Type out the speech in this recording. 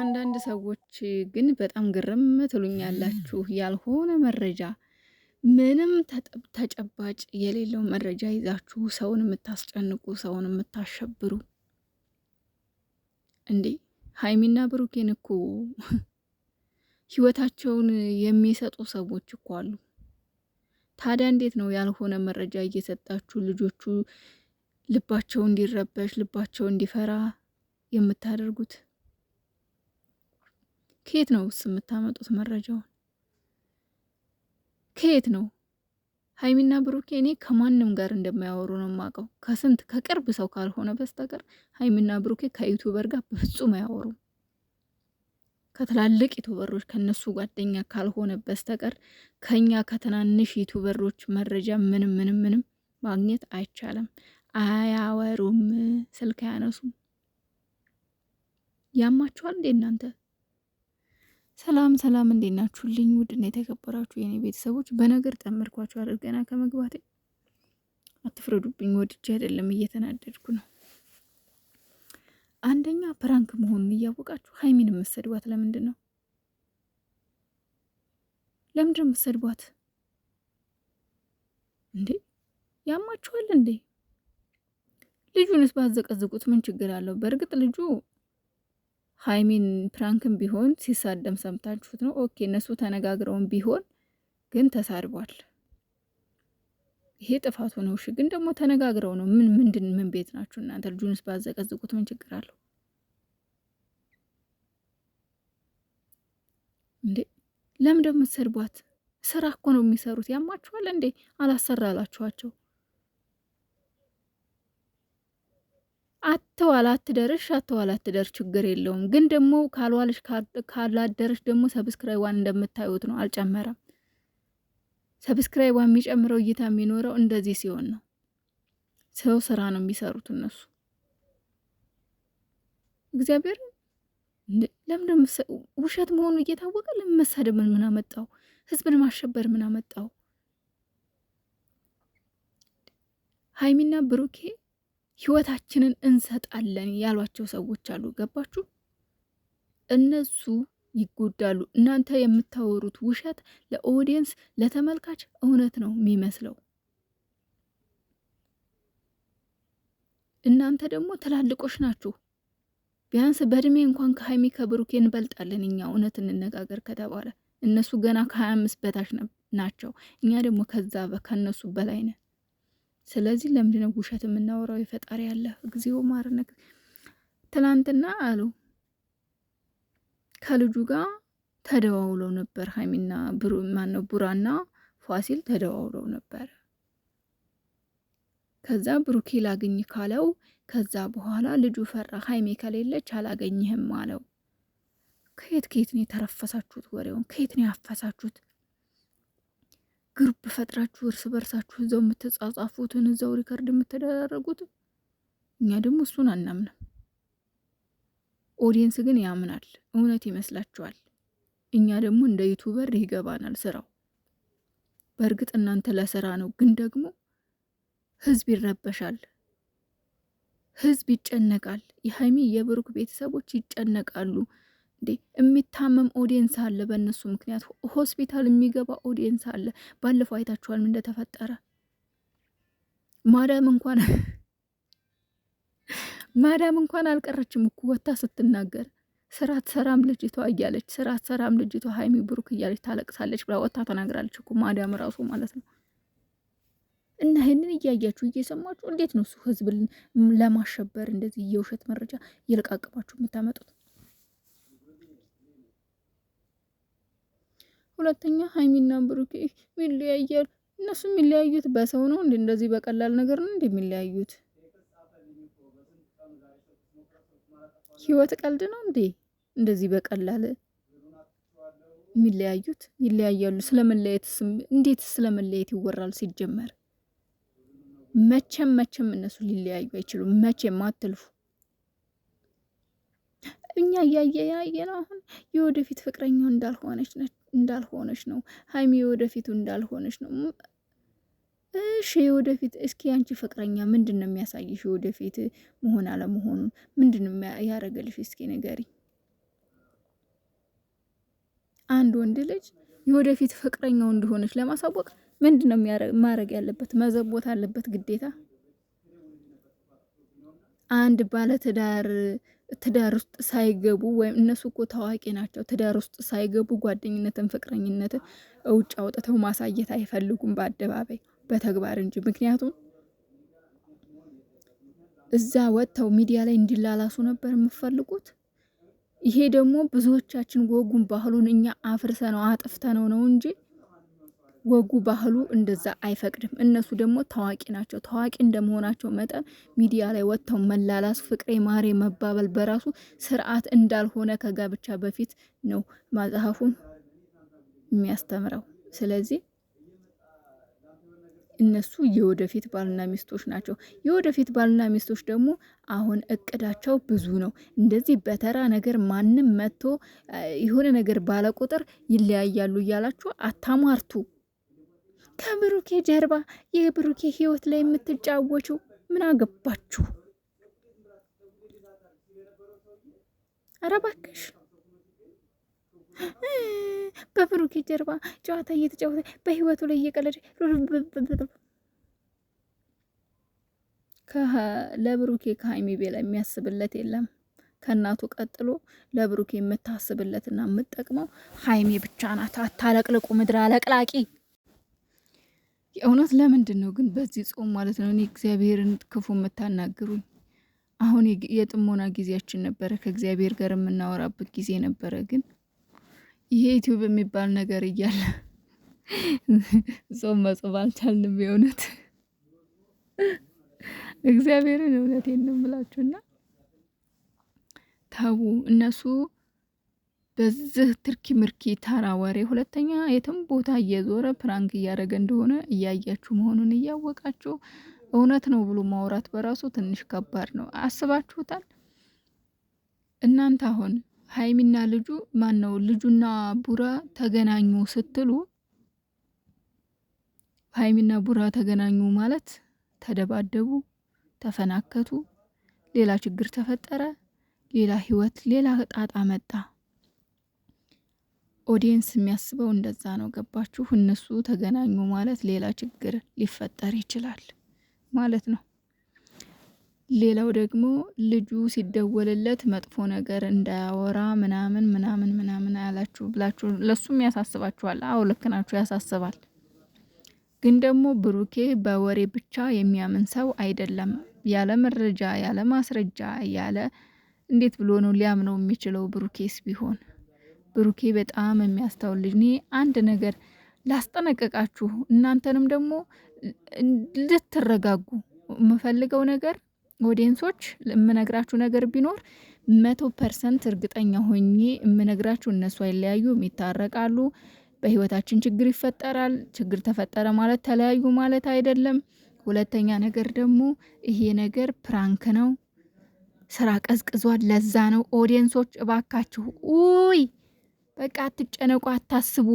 አንዳንድ ሰዎች ግን በጣም ግርም ትሉኛላችሁ። ያልሆነ መረጃ ምንም ተጨባጭ የሌለው መረጃ ይዛችሁ ሰውን የምታስጨንቁ፣ ሰውን የምታሸብሩ እንዴ! ሀይሚና ብሩኬን እኮ ህይወታቸውን የሚሰጡ ሰዎች እኮ አሉ። ታዲያ እንዴት ነው ያልሆነ መረጃ እየሰጣችሁ ልጆቹ ልባቸው እንዲረበሽ ልባቸው እንዲፈራ የምታደርጉት? ከየት ነው ውስ የምታመጡት መረጃውን? ከየት ነው? ሀይሚና ብሩኬ እኔ ከማንም ጋር እንደማያወሩ ነው የማውቀው። ከስንት ከቅርብ ሰው ካልሆነ በስተቀር ሀይሚና ብሩኬ ከዩቱበር ጋር በፍጹም አያወሩም። ከትላልቅ ዩቱበሮች ከነሱ ጓደኛ ካልሆነ በስተቀር ከኛ ከትናንሽ ዩቱበሮች መረጃ ምንም ምንም ምንም ማግኘት አይቻልም። አያወሩም፣ ስልክ አያነሱም። ያማችኋል እንዴ እናንተ? ሰላም ሰላም፣ እንዴት ናችሁልኝ? ውድና የተከበራችሁ የኔ ቤተሰቦች በነገር ጠመድኳችሁ አድርገና ገና ከመግባቴ አትፍረዱብኝ። ወድጄ አይደለም እየተናደድኩ ነው። አንደኛ ፕራንክ መሆኑን እያወቃችሁ ሀይሚን የምትሰድቧት ለምንድን ነው? ለምንድን የምትሰድቧት እንዴ? ያማችኋል እንዴ? ልጁንስ ባዘቀዝቁት ምን ችግር አለው? በእርግጥ ልጁ ሀይሚን ፕራንክም ቢሆን ሲሳደም ሰምታችሁት ነው። ኦኬ እነሱ ተነጋግረውም ቢሆን ግን ተሳድቧል። ይሄ ጥፋቱ ነው። እሺ ግን ደግሞ ተነጋግረው ነው። ምን ምንድን ምን ቤት ናችሁ እናንተ? ልጁንስ ባዘቀዝቁት ምን ችግር አለው እንዴ? ለምን ደግሞ የምትሰድቧት? ስራ እኮ ነው የሚሰሩት። ያማችኋል እንዴ? አላሰራላችኋቸው አትዋል አትደርሽ አትዋል አትደርሽ፣ ችግር የለውም። ግን ደግሞ ካልዋልሽ ካላደረሽ ደግሞ ሰብስክራይቧን እንደምታዩት ነው፣ አልጨመረም። ሰብስክራይቧ የሚጨምረው እይታ የሚኖረው እንደዚህ ሲሆን ነው። ሰው ስራ ነው የሚሰሩት እነሱ። እግዚአብሔር ለምንድን ውሸት መሆኑ እየታወቀ ለምን መሳደብ ምን አመጣው? ህዝብን ማሸበር ምን አመጣው? ሀይሚና ብሩኬ ህይወታችንን እንሰጣለን ያሏቸው ሰዎች አሉ። ገባችሁ? እነሱ ይጎዳሉ። እናንተ የምታወሩት ውሸት ለኦዲየንስ ለተመልካች እውነት ነው የሚመስለው። እናንተ ደግሞ ትላልቆች ናችሁ። ቢያንስ በእድሜ እንኳን ከሀይሚ ከብሩኬ እንበልጣለን። እኛ እውነት እንነጋገር ከተባለ እነሱ ገና ከሀያ አምስት በታች ናቸው። እኛ ደግሞ ከዛ ከነሱ በላይ ነን። ስለዚህ ለምንድነው ውሸት የምናወራው? የፈጣሪ ያለ ጊዜው ማርነት ትናንትና አሉ ከልጁ ጋር ተደዋውለው ነበር። ሀይሚና ማነው ቡራና ፋሲል ተደዋውለው ነበር። ከዛ ብሩኬ አግኝ ካለው ከዛ በኋላ ልጁ ፈራ። ሀይሜ ከሌለች አላገኝህም አለው። ከየት ከየት ነው የተረፈሳችሁት? ወሬውን ከየት ነው ያፈሳችሁት? ግሩፕ ፈጥራችሁ እርስ በርሳችሁ እዛው የምትጻጻፉትን እዛው ሪከርድ የምትደራረጉትን። እኛ ደግሞ እሱን አናምንም። ኦዲየንስ ግን ያምናል፣ እውነት ይመስላችኋል። እኛ ደግሞ እንደ ዩቱበር ይገባናል ስራው። በእርግጥ እናንተ ለስራ ነው፣ ግን ደግሞ ህዝብ ይረበሻል፣ ህዝብ ይጨነቃል። የሀይሚ የብሩክ ቤተሰቦች ይጨነቃሉ። እንዴ የሚታመም ኦዲየንስ አለ። በእነሱ ምክንያት ሆስፒታል የሚገባ ኦዲየንስ አለ። ባለፈው አይታችኋልም እንደተፈጠረ ማዳም እንኳን ማዳም እንኳን አልቀረችም እኮ ወታ ስትናገር ስራ ትሰራም ልጅቷ እያለች ስራ ትሰራም ልጅቷ ሀይሚ ብሩክ እያለች ታለቅሳለች ብላ ወታ ተናግራለች እኮ ማዳም ራሱ ማለት ነው። እና ይህንን እያያችሁ እየሰማችሁ እንዴት ነው እሱ ህዝብ ለማሸበር እንደዚህ የውሸት መረጃ እየለቃቀማችሁ የምታመጡት? ሁለተኛ ሀይሚና ብሩኬ ይለያያሉ። እነሱ የሚለያዩት በሰው ነው እንዴ? እንደዚህ በቀላል ነገር ነው እንዴ የሚለያዩት? ህይወት ቀልድ ነው እንዴ? እንደዚህ በቀላል የሚለያዩት? ይለያያሉ። ስለመለየት እንዴት ስለመለየት ይወራል? ሲጀመር መቼም መቼም እነሱ ሊለያዩ አይችሉም። መቼም አትልፉ። እኛ እያየ ያየ ነው አሁን የወደፊት ፍቅረኛው እንዳልሆነች ነች እንዳልሆነች ነው። ሀይሚ የወደፊቱ እንዳልሆነች ነው። እሺ የወደፊት እስኪ አንቺ ፍቅረኛ ምንድን ነው የሚያሳይሽ? የወደፊት መሆን አለመሆኑን ምንድን ነው ያደረገልሽ? እስኪ ንገሪ። አንድ ወንድ ልጅ የወደፊት ፍቅረኛው እንደሆነች ለማሳወቅ ምንድን ነው ማድረግ ያለበት? መዘቦት አለበት ግዴታ። አንድ ባለ ትዳር ትዳር ውስጥ ሳይገቡ ወይም እነሱ እኮ ታዋቂ ናቸው። ትዳር ውስጥ ሳይገቡ ጓደኝነትን፣ ፍቅረኝነትን እውጭ አውጥተው ማሳየት አይፈልጉም በአደባባይ በተግባር እንጂ። ምክንያቱም እዛ ወጥተው ሚዲያ ላይ እንዲላላሱ ነበር የምፈልጉት። ይሄ ደግሞ ብዙዎቻችን ወጉን ባህሉን እኛ አፍርሰ ነው አጥፍተ ነው ነው እንጂ ወጉ ባህሉ እንደዛ አይፈቅድም። እነሱ ደግሞ ታዋቂ ናቸው። ታዋቂ እንደመሆናቸው መጠን ሚዲያ ላይ ወጥተው መላላስ፣ ፍቅሬ ማሬ መባበል በራሱ ስርዓት እንዳልሆነ ከጋብቻ በፊት ነው መጽሐፉም የሚያስተምረው። ስለዚህ እነሱ የወደፊት ባልና ሚስቶች ናቸው። የወደፊት ባልና ሚስቶች ደግሞ አሁን እቅዳቸው ብዙ ነው። እንደዚህ በተራ ነገር ማንም መጥቶ የሆነ ነገር ባለ ቁጥር ይለያያሉ እያላችሁ አታሟርቱ። ከብሩኬ ጀርባ የብሩኬ ህይወት ላይ የምትጫወቹ ምን አገባችሁ? ኧረ እባክሽ በብሩኬ ጀርባ ጨዋታ እየተጫወተ በህይወቱ ላይ እየቀለደ ለብሩኬ ከሀይሚ ቤላ የሚያስብለት የለም። ከእናቱ ቀጥሎ ለብሩኬ የምታስብለትና የምትጠቅመው ሀይሜ ብቻ ናት። አታለቅልቁ ምድር አለቅላቂ የእውነት ለምንድን ነው ግን በዚህ ጾም ማለት ነው እኔ እግዚአብሔርን ክፉ የምታናግሩኝ? አሁን የጥሞና ጊዜያችን ነበረ፣ ከእግዚአብሔር ጋር የምናወራበት ጊዜ ነበረ። ግን ይሄ ዩቲዩብ የሚባል ነገር እያለ ጾም መጾም አልቻልንም። የእውነት እግዚአብሔርን እውነቴን ነው የምላችሁና ታቡ እነሱ በዚህ ትርኪ ምርኪ ተራ ወሬ ሁለተኛ የትም ቦታ እየዞረ ፕራንክ እያደረገ እንደሆነ እያያችሁ መሆኑን እያወቃችሁ እውነት ነው ብሎ ማውራት በራሱ ትንሽ ከባድ ነው። አስባችሁታል? እናንተ አሁን ሀይሚና ልጁ ማን ነው ልጁና ቡራ ተገናኙ ስትሉ ሀይሚና ቡራ ተገናኙ ማለት ተደባደቡ፣ ተፈናከቱ፣ ሌላ ችግር ተፈጠረ፣ ሌላ ህይወት፣ ሌላ ጣጣ መጣ ኦዲየንስ የሚያስበው እንደዛ ነው። ገባችሁ? እነሱ ተገናኙ ማለት ሌላ ችግር ሊፈጠር ይችላል ማለት ነው። ሌላው ደግሞ ልጁ ሲደወልለት መጥፎ ነገር እንዳያወራ ምናምን ምናምን ምናምን አያላችሁ ብላችሁ ለሱም ያሳስባችኋል። አዎ ልክ ናችሁ፣ ያሳስባል። ግን ደግሞ ብሩኬ በወሬ ብቻ የሚያምን ሰው አይደለም። ያለ መረጃ፣ ያለ ማስረጃ፣ ያለ እንዴት ብሎ ነው ሊያምነው የሚችለው? ብሩኬስ ቢሆን ብሩኬ በጣም የሚያስተውል ልጅ። እኔ አንድ ነገር ላስጠነቀቃችሁ፣ እናንተንም ደግሞ ልትረጋጉ የምፈልገው ነገር ኦዲየንሶች የምነግራችሁ ነገር ቢኖር መቶ ፐርሰንት እርግጠኛ ሆኜ የምነግራችሁ እነሱ አይለያዩም፣ ይታረቃሉ። በህይወታችን ችግር ይፈጠራል። ችግር ተፈጠረ ማለት ተለያዩ ማለት አይደለም። ሁለተኛ ነገር ደግሞ ይሄ ነገር ፕራንክ ነው፣ ስራ ቀዝቅዟል። ለዛ ነው ኦዲየንሶች እባካችሁ ውይ በቃ አትጨነቁ፣ አታስቡ